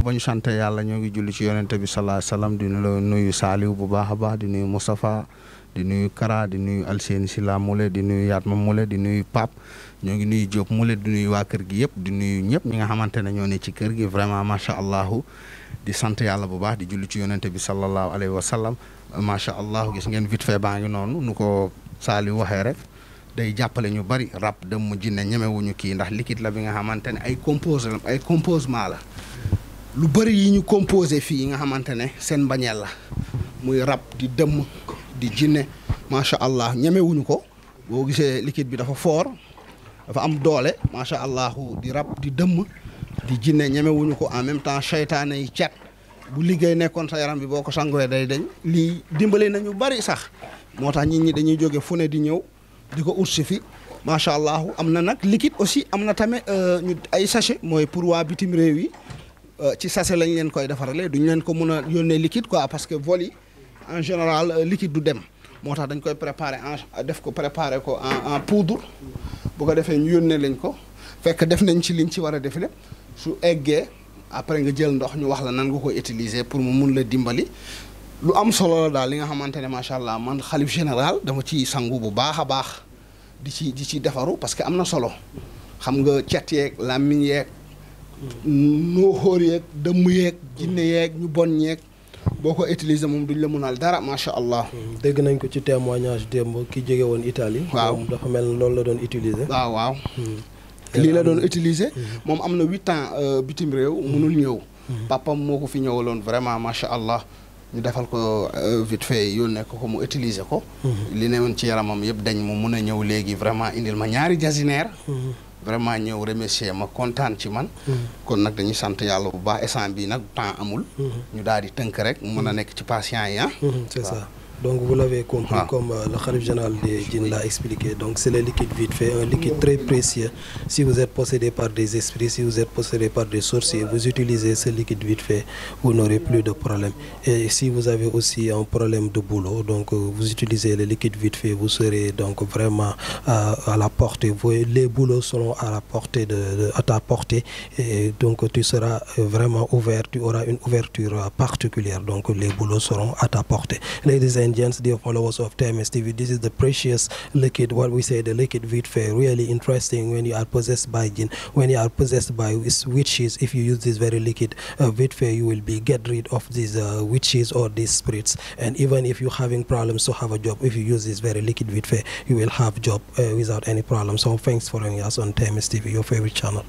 ba ñu sant yàlla ñoo ngi julli ci yonente bi salaa salaam di nuyu saaliw bu baax a baax di nuyu Moustapha di nuyu Kara di nuyu Alseni Sila Mule di nuyu Yatma Mule di nuyu Pape ñoo ngi nuyu Diop Mule di nuyu waa kër gi yëpp di nuyu ñëpp ñi nga xamante ne ñoo ne ci kër gi vraiment macha allah di sant yàlla bu baax di julli ci yonente bi sallallahu alayhi wa sallam macha allah gis ngeen vite fait baa ngi noonu nu ko saaliw waxee rek. day jàppale ñu bari rab dem mu jinne ñemewuñu kii ndax liquide la bi nga xamante ne ay compose ay composement la lu bëri yi ñu composé fii yi nga xamante ne seen mbañeel la muy rab di dëmm di jinne macha allah ñemewuñu ko boo gisee liquide bi dafa foor dafa am doole macha allah di rab di dëmm di jinne ñemewuñu ko en même temps seytaane yi cet bu liggéey nekkoon sa yaram bi boo ko sangwee day dañ lii dimbale nañu bari sax moo tax nit ñi dañuy jóge fu ne di ñëw di ko ut si fi macha allah am na nag liquide aussi am na tamit euh, ñu ay sachet mooy pour waa bitim réew yi Euh, ci sachet lañ leen koy defarale du duñ leen ko mun a yónnee liquide quoi parce que vol en général euh, liquide du dem moo tax dañ koy préparer en def ko préparer ko en en poudre bu ko defee ñu yónnee lañ ko fekk def nañ ci liñ ci war a def lépp su eggee après nga jël ndox ñu wax la nan nga ko utiliser pour mu mun la dimbali. lu am solo la daal li nga xamante ne macha allah man xalif général dama ci sangu bu baax a baax di ci di ci defaru parce que am na solo xam nga cet yeeg nooxóor yeeg dëmm yeeg jinne yeeg ñu bon yeeg boo ko utiliser moom duñ la mënal dara macha allah. dégg nañ ko ci témoignage démb ki jóge woon Italie. waaw dafa mel ni loolu la doon utiliser. waaw waaw. Hmm. lii la doon utiliser. Hmm. moom am na huit ans euh, bitim réew. Hmm. munul ñëw. papam moo ko fi ñëwaloon vraiment macha allah. ñu defal ko euh, vite fait yónnee ko ko mu utiliser ko. li ne woon ci yaramam yëpp dañ mu mun a ñëw léegi vraiment indil ma ñaari jasineer. vraiment ñëw remercier ma kontaan ci man. Mm-hmm. kon nag dañuy sant yàlla bu baax instant bi nag temps amul. Mm-hmm. ñu daal di tënk rek mën a nekk ci patient yi ah. mm-hmm, Donc vous l'avez compris, ah. Euh, le Khalif général de Djinn l'a expliqué, donc c'est le liquide vite fait, un liquide très précieux. Si vous êtes possédé par des esprits, si vous êtes possédé par des sorciers, vous utilisez ce liquide vite fait, vous n'aurez plus de problème. Et si vous avez aussi problème de boulot, donc euh, vous utilisez le liquide vite fait, vous serez donc vraiment euh, à la portée. Vous, les boulots seront à la portée de, de, à ta portée et donc tu seras vraiment ouvert, tu auras une ouverture Donc les boulots seront à ta portée. and gents, dear followers of TMS TV, this is the precious liquid, what we say the liquid vitfe, really interesting when you are possessed by jinn, when you are possessed by witches, if you use this very liquid uh, you will be get rid of these uh, witches or these spirits. And even if you're having problems to have a job, if you use this very liquid vitfe, you will have job uh, without any problem. So thanks for joining us on TMS TV, your favorite channel.